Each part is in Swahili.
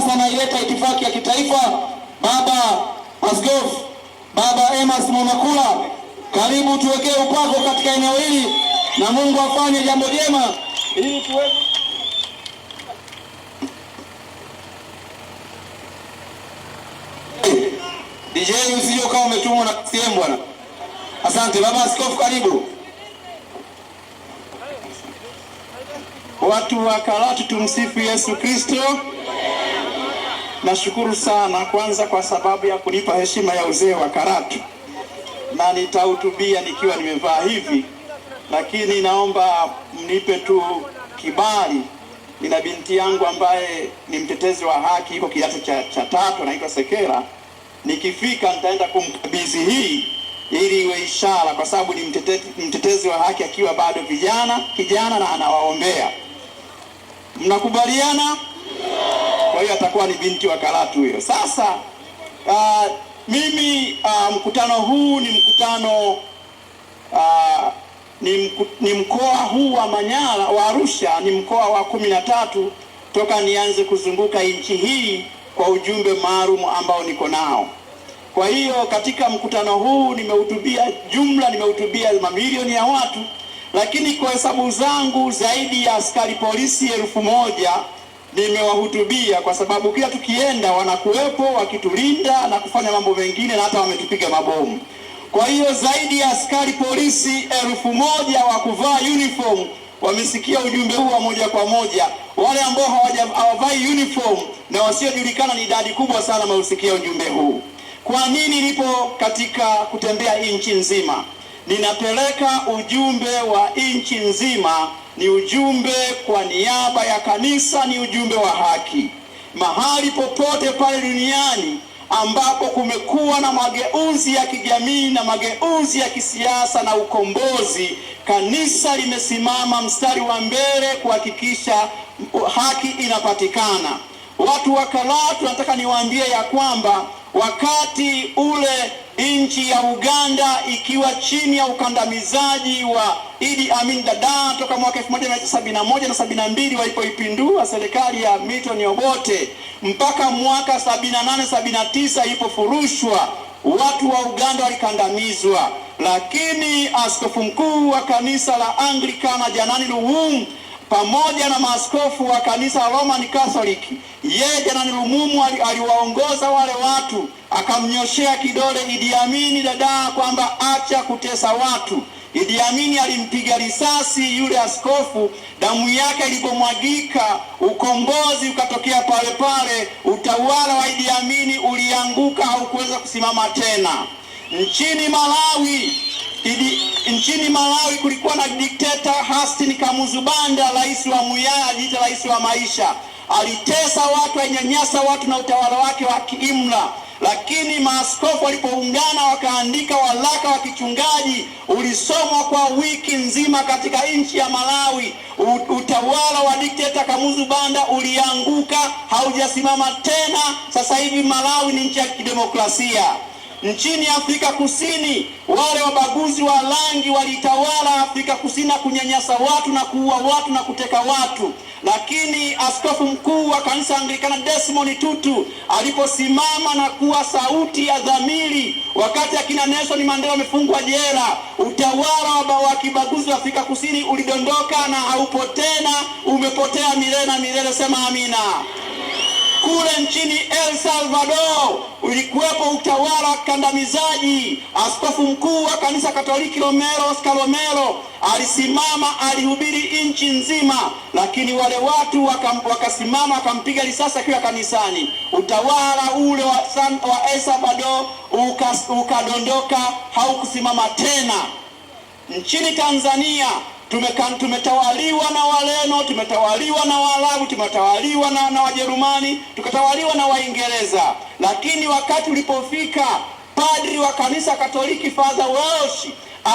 sasa naileta itifaki ya kitaifa. Baba Askofu, Baba Emas Mwamakula, karibu tuwekee upako katika eneo hili, na Mungu afanye jambo jema ili tuweze DJ usije ukawa umetumwa na CCM bwana. Asante baba askofu, karibu. Watu wa Karatu, tumsifu Yesu Kristo. Nashukuru sana kwanza kwa sababu ya kunipa heshima ya uzee wa Karatu, na nitahutubia nikiwa nimevaa hivi, lakini naomba mnipe tu kibali. Nina binti yangu ambaye ni mtetezi wa haki, iko kidato cha, cha tatu, anaitwa Sekera. Nikifika nitaenda kumkabidhi hii ili iwe ishara, kwa sababu ni mtetezi, mtetezi wa haki akiwa bado vijana kijana, na anawaombea. Mnakubaliana? Kwa hiyo atakuwa ni binti wa Karatu huyo. Sasa uh, mimi uh, mkutano huu ni mkutano uh, ni, mku, ni mkoa huu wa Manyara wa Arusha ni mkoa wa kumi na tatu toka nianze kuzunguka nchi hii kwa ujumbe maalum ambao niko nao. Kwa hiyo katika mkutano huu nimehutubia jumla, nimehutubia mamilioni ya watu, lakini kwa hesabu zangu zaidi ya askari polisi elfu moja nimewahutubia kwa sababu kila tukienda wanakuwepo wakitulinda na kufanya mambo mengine na hata wametupiga mabomu. Kwa hiyo zaidi ya askari polisi elfu moja wa kuvaa uniform wamesikia ujumbe huu wa moja kwa moja. Wale ambao hawavai uniform na wasiojulikana ni idadi kubwa sana mausikia ujumbe huu. Kwa nini nipo katika kutembea nchi nzima? Ninapeleka ujumbe wa nchi nzima ni ujumbe kwa niaba ya kanisa, ni ujumbe wa haki. Mahali popote pale duniani ambapo kumekuwa na mageuzi ya kijamii na mageuzi ya kisiasa na ukombozi, kanisa limesimama mstari wa mbele kuhakikisha haki inapatikana. Watu wa Kalaa, tunataka niwaambie ya kwamba wakati ule nchi ya Uganda ikiwa chini ya ukandamizaji wa Idi Amin Dada toka mwaka 1971 na 72 walipoipindua serikali ya Milton Obote mpaka mwaka 78 79 ilipofurushwa, watu wa Uganda walikandamizwa, lakini askofu mkuu wa kanisa la Anglikana Janani Luwum pamoja na maaskofu wa kanisa la Roman Catholic. Yeye Janani Lumumu aliwaongoza wale watu, akamnyoshea kidole Idi Amini dadaa kwamba acha kutesa watu. Idi Amini alimpiga risasi yule askofu, damu yake ilipomwagika, ukombozi ukatokea pale pale. Utawala wa Idi Amini ulianguka, haukuweza kusimama tena. Nchini Malawi Idi, nchini Malawi kulikuwa na dikteta Hastin kamuzu banda rais wa Muyaya, jiita rais wa maisha. Alitesa watu, alinyanyasa watu na utawala wake wa kiimla, lakini maaskofu walipoungana wakaandika waraka wa kichungaji, ulisomwa kwa wiki nzima katika nchi ya Malawi. Utawala wa dikteta banda ulianguka, haujasimama tena. Sasa hivi Malawi ni nchi ya kidemokrasia nchini Afrika Kusini, wale wabaguzi wa rangi walitawala Afrika Kusini na kunyanyasa watu na kuua watu na kuteka watu, lakini askofu mkuu wa kanisa Anglikana Desmond Tutu aliposimama na kuwa sauti ya dhamiri, wakati akina Nelson Mandela wamefungwa jela, utawala wa kibaguzi wa Afrika Kusini ulidondoka na haupo tena, umepotea milele na milele. Sema amina kule nchini El Salvador ulikuwepo utawala wa kandamizaji. Askofu mkuu wa kanisa Katoliki Romero Kalomelo alisimama, alihubiri nchi nzima, lakini wale watu wakasimama, wakampiga risasi akiwa kanisani. Utawala ule wa, San, wa El Salvador ukadondoka, haukusimama tena. Nchini Tanzania Tumekan, tumetawaliwa na Waleno, tumetawaliwa na Waarabu, tumetawaliwa na, na Wajerumani, tukatawaliwa na Waingereza, lakini wakati ulipofika padri wa kanisa Katoliki Father Welsh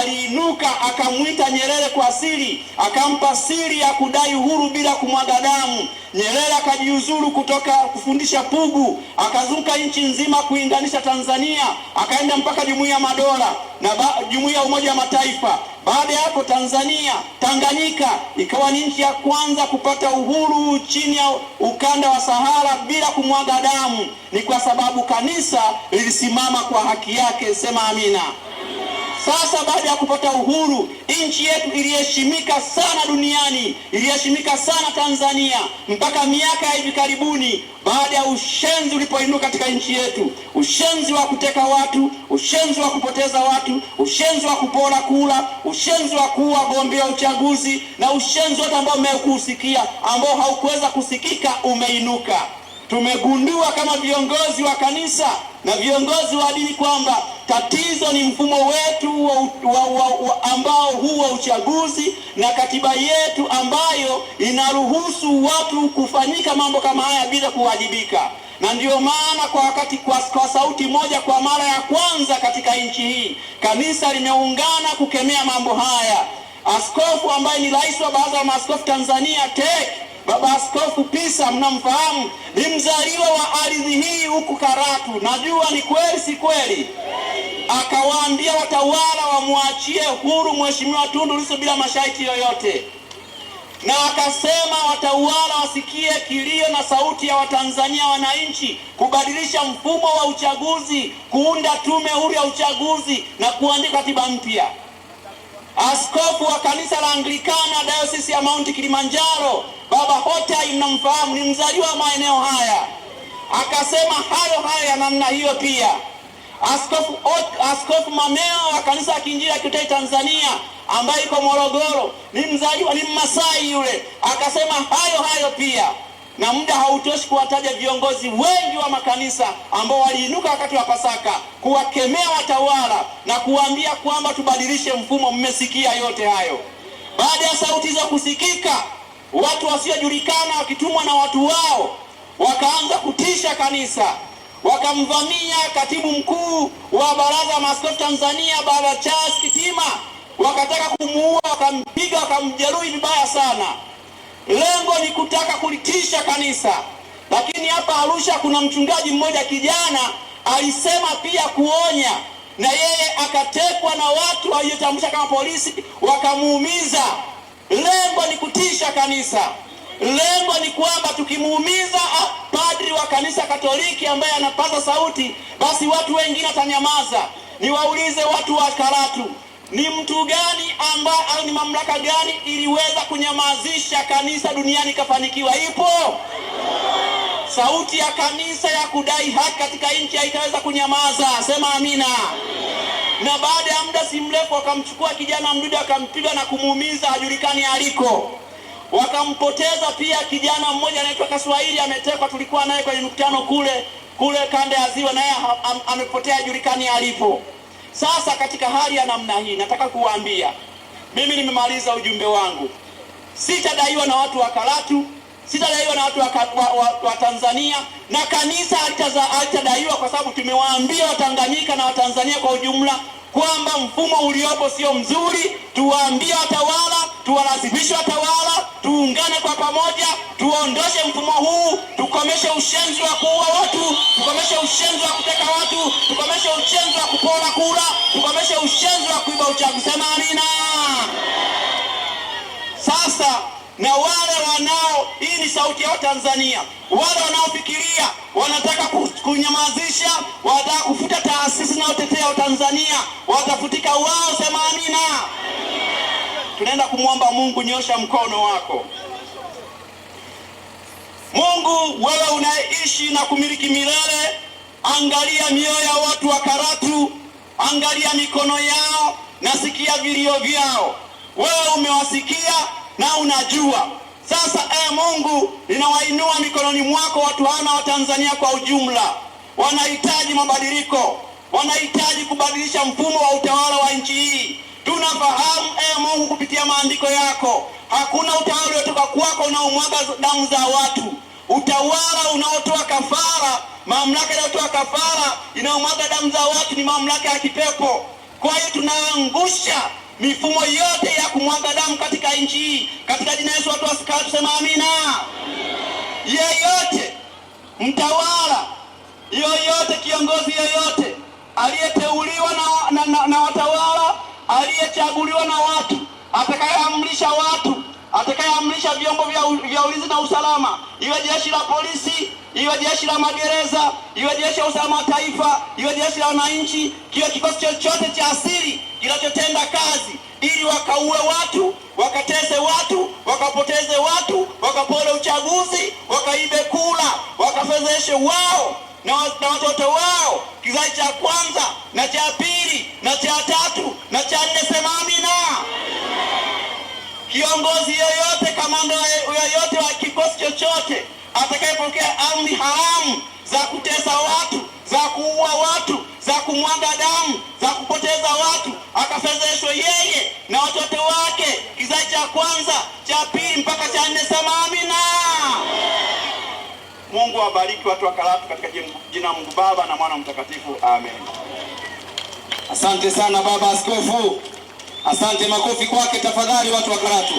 aliinuka akamwita Nyerere kwa siri, akampa siri ya kudai uhuru bila kumwaga damu. Nyerere akajiuzuru kutoka kufundisha Pugu, akazunguka nchi nzima kuinganisha Tanzania, akaenda mpaka Jumuiya ya Madola na Jumuiya ya Umoja wa Mataifa. Baada ya hapo, Tanzania Tanganyika ikawa ni nchi ya kwanza kupata uhuru chini ya ukanda wa Sahara bila kumwaga damu. Ni kwa sababu kanisa lilisimama kwa haki yake. Sema amina. Sasa baada ya kupata uhuru, nchi yetu iliheshimika sana duniani, iliheshimika sana Tanzania, mpaka miaka ya hivi karibuni, baada ya ushenzi ulipoinuka katika nchi yetu, ushenzi wa kuteka watu, ushenzi wa kupoteza watu, ushenzi wa kupora kula, ushenzi wa kuwa gombea uchaguzi, na ushenzi wote ambao umekusikia ambao haukuweza kusikika umeinuka. Tumegundua kama viongozi wa kanisa na viongozi wa dini kwamba tatizo ni mfumo wetu wa, wa, wa, wa ambao huu wa uchaguzi na katiba yetu ambayo inaruhusu watu kufanyika mambo kama haya bila kuwajibika, na ndiyo maana kwa wakati kwa, kwa sauti moja kwa mara ya kwanza katika nchi hii kanisa limeungana kukemea mambo haya. Askofu ambaye ni rais wa baraza la maaskofu Tanzania te Baba Askofu Pisa mnamfahamu, ni mzaliwa wa ardhi hii huku Karatu. Najua ni kweli, si kweli? Akawaambia watawala wamwachie huru mheshimiwa Tundu Lissu bila masharti yoyote, na akasema watawala wasikie kilio na sauti ya Watanzania wananchi, kubadilisha mfumo wa uchaguzi, kuunda tume huru ya uchaguzi na kuandika katiba mpya. Askofu wa kanisa la Anglikana dayosisi ya Mount Kilimanjaro Baba Hotai mnamfahamu, ni mzaliwa wa maeneo haya, akasema hayo hayo ya namna hiyo. Pia Askofu, Askofu Mameo wa kanisa ya Kiinjili ya Kilutheri Tanzania ambaye iko Morogoro ni mzaliwa, ni Mmasai yule, akasema hayo hayo pia na muda hautoshi kuwataja viongozi wengi wa makanisa ambao waliinuka wakati wa Pasaka kuwakemea watawala na kuwaambia kwamba tubadilishe mfumo. Mmesikia yote hayo. Baada ya sauti hizo kusikika watu wasiojulikana wakitumwa na watu wao wakaanza kutisha kanisa, wakamvamia katibu mkuu wa baraza la Tanzania, Baba Charles Kitima, wakataka kumuua, wakampiga, wakamjeruhi vibaya sana. Lengo ni kutaka kulitisha kanisa. Lakini hapa Arusha kuna mchungaji mmoja kijana alisema pia kuonya, na yeye akatekwa na watu waliotambulisha kama polisi, wakamuumiza. Lengo ni kutisha kanisa. Lengo ni kwamba tukimuumiza ah, padri wa kanisa Katoliki ambaye anapaza sauti, basi watu wengine watanyamaza. Niwaulize watu wa Karatu, ni mtu gani ambaye au ni mamlaka gani iliweza kunyamazisha kanisa duniani ikafanikiwa? Ipo sauti ya kanisa ya kudai haki katika nchi haitaweza kunyamaza. Sema amina na baada ya muda si mrefu wakamchukua kijana Mdude akampiga na kumuumiza, hajulikani aliko. Wakampoteza pia kijana mmoja anaitwa Kaswahili, ametekwa. Tulikuwa naye kwenye mkutano kule kule kanda ya Ziwa, naye amepotea, hajulikani alipo. Sasa katika hali ya namna hii, nataka kuwaambia mimi nimemaliza ujumbe wangu, sitadaiwa na watu wa Karatu sitadaiwa na watu wa, wa, wa, wa Tanzania na kanisa halitadaiwa, kwa sababu tumewaambia Watanganyika na Watanzania kwa ujumla kwamba mfumo uliopo sio mzuri. Tuwaambie watawala, tuwalazimishe watawala, tuungane kwa pamoja, tuondoshe mfumo huu, tukomeshe ushenzi wa kuua watu, tukomeshe ushenzi wa kuteka watu, tukomeshe ushenzi wa kupora kura, tukomeshe ushenzi wa kuiba uchaguzi. Sema amina. Sasa na wale wanao, hii ni sauti ya Tanzania, wale wanaofikiria wanataka kunyamazisha, wanataka kufuta taasisi inayotetea Tanzania, watafutika wao. Sema amina. Tunaenda kumwomba Mungu, nyosha mkono wako Mungu, wewe unaishi na kumiliki milele. Angalia mioyo ya watu wa Karatu, angalia mikono yao na sikia vilio vyao. Wewe umewasikia na unajua. Sasa e Mungu, ninawainua mikononi mwako watu hawa wa Tanzania kwa ujumla, wanahitaji mabadiliko, wanahitaji kubadilisha mfumo wa utawala wa nchi hii. Tunafahamu e Mungu kupitia maandiko yako, hakuna utawala uliotoka kwako unaomwaga damu za watu, utawala unaotoa kafara, mamlaka inayotoa kafara inayomwaga damu za watu ni mamlaka ya kipepo. Kwa hiyo tunaangusha mifumo yote ya kumwaga damu katika nchi hii, katika jina Yesu. Watu wasikaa tusema amina. Yeyote mtawala yoyote, kiongozi yoyote aliyeteuliwa na, na, na, na watawala aliyechaguliwa na watu atakayeamrisha watu atakayeamrisha vyombo vya ulinzi na usalama, iwe jeshi la polisi, iwe jeshi la magereza, iwe jeshi la usalama wa taifa, iwe jeshi la wananchi, kiwe kikosi chochote cha asili kinachotenda kazi ili wakaue watu, wakateze watu, wakapoteze watu, wakapole uchaguzi, wakaibe kula, wakafezeshe wao na watoto wao, kizazi cha kwanza na cha pili na cha tatu na cha nne. Sema amina. Kiongozi yoyote, kamanda yoyote wa kikosi chochote atakayepokea amri haramu za kutesa watu, za kuua watu, za kumwaga damu, za kupoteza watu, akafezeshwe yeye na watoto wake, kizazi cha kwanza, cha pili mpaka cha nne. Sema amina. Mungu awabariki watu wa Karatu katika jina Mungu Baba na Mwana Mtakatifu, amen. Asante sana Baba Askofu. Asante, makofi kwake tafadhali, watu wa Karatu.